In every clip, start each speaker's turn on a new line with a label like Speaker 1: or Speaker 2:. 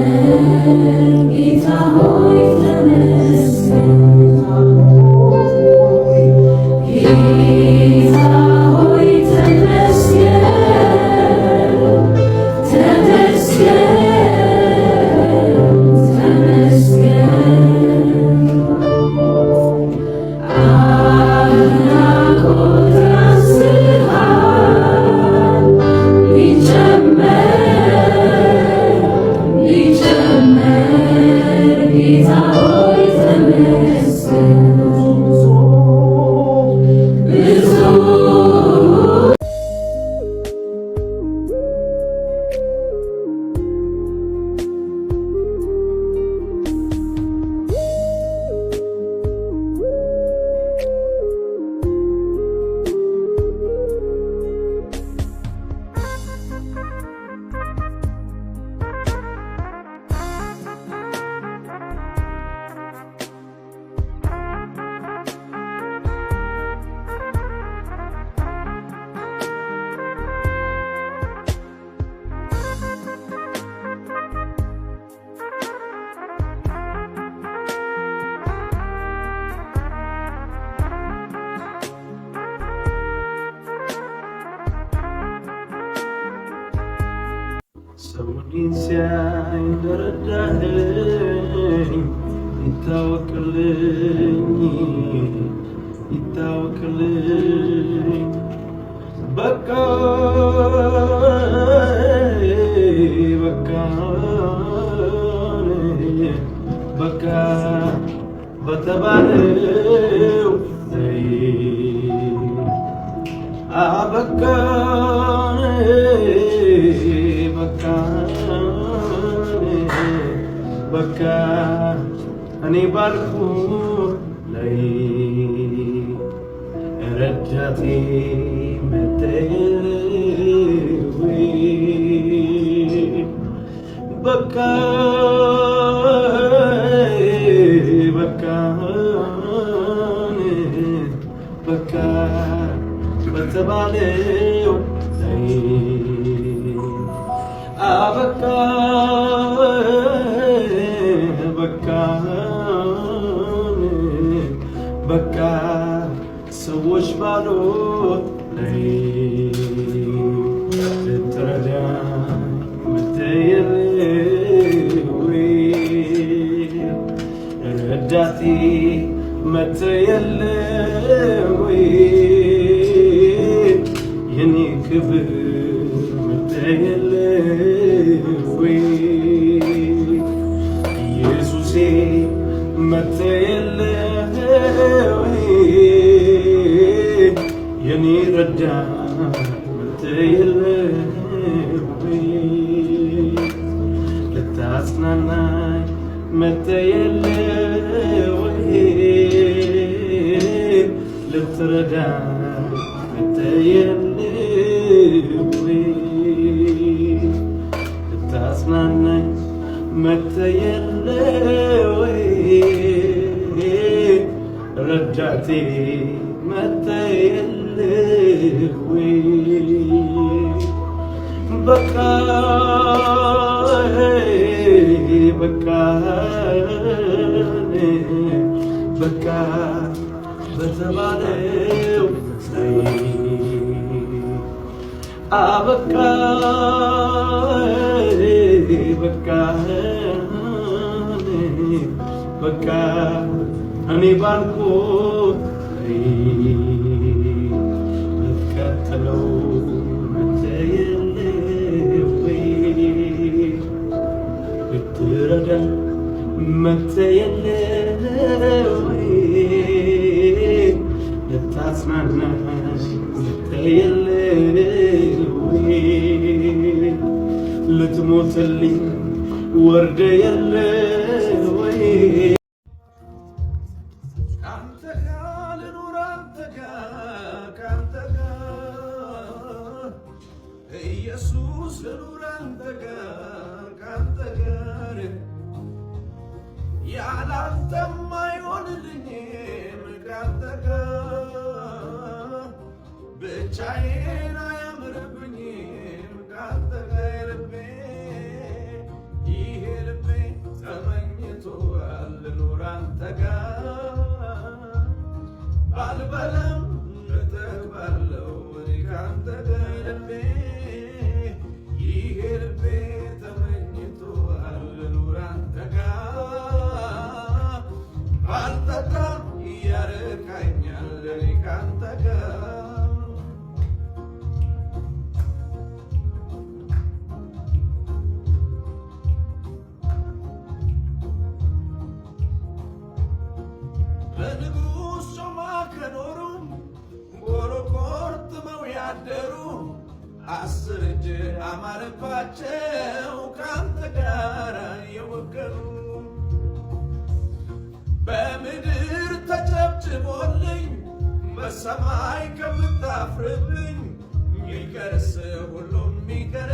Speaker 1: Amen. Gita hoif temes ሰውዲን ሲያይ እንደረዳኸኝ ይታወቅልኝ ይታወቅልኝ በቃ በቃ በቃ በተባለ ተዘጋ እኔ ባልኩ ላይ ረዳቴ መጠው በቃ በቃን በቃ በተባለው ላይ አበቃ ሰዎች ባሉ ነይ ልትረዳኝ የኔ ክብር መተየ ልትረዳ ልትየልወይ ልታጽናናኝ መተየልወይ ረዳቴ መተየልወይ በቃ በቃ በቃ በተባለው አበቃ በቃ በቃ እኔ ባልኩት ወርደ የለ ወይ ካንተ ጋር ልኑር አንተ ጋር ካንተ ጋር ኢየሱስ ልኑር አንተ ጋር ካንተ ጋር ያለ አይሆንልኝም ካንተ ጋር ብቻዬን አደሩ አስር እጅ አማረባቸው ከአንተ ጋር የወገኑ በምድር ተጨብጭቦልኝ በሰማይ ከምታፍርብኝ ሚቀርስ ሁሉም ሚቀር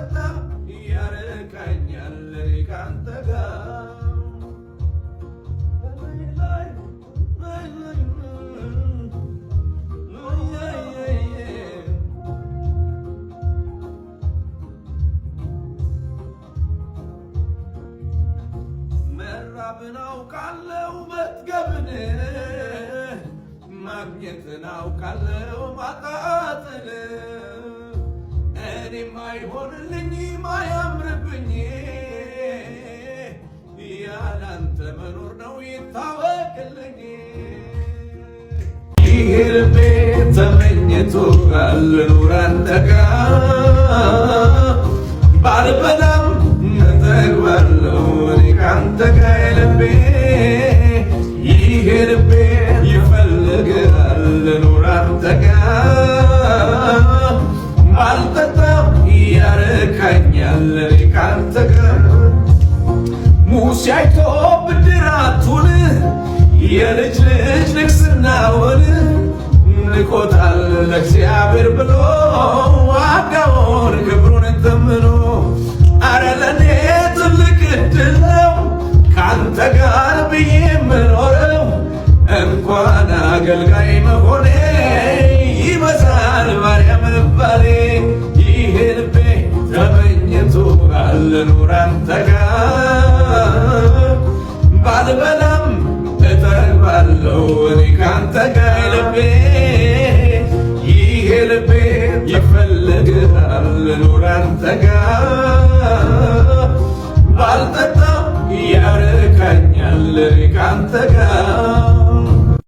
Speaker 1: ከበዛ ያርቀኛል ካንተ ጋር መራብን አውቃለሁ መጥገብን ማግኘት አውቃለሁ ማጣትን እኔ አይሆንልኝ ማያምርብኝ ያላንተ መኖር ነው ይታወቅልኝ። ይህ ልቤ ተመኝቶ ልኑር አንተ ጋ ባልበላም እጠግባለሁ እኔ ካንተ ጋ የልቤ ይህ ልቤ ይፈልጋል ልኑር አንተ ጋ የልጅ ልጅ ንግስናውን ንቆታል ለእግዚአብሔር ብሎ ዋጋውን ክብሩን ተምኖ አረ ለኔ ትልቅ እድል ነው ከአንተ ጋር ብዬ የምኖረው እንኳን አገልጋይ መሆኔ ይበዛል ባሪያ መባሌ ይሄ ልቤ ተመኝቶ አልኑር አንተ ጋር ባልበላ አለው እኔ ካንተ ጋር ልቤ ይሄ ልቤ ይፈልግሃል ልኑር አንተ ጋር ባልጠጣም ያረካኛል እኔ ካንተ ጋር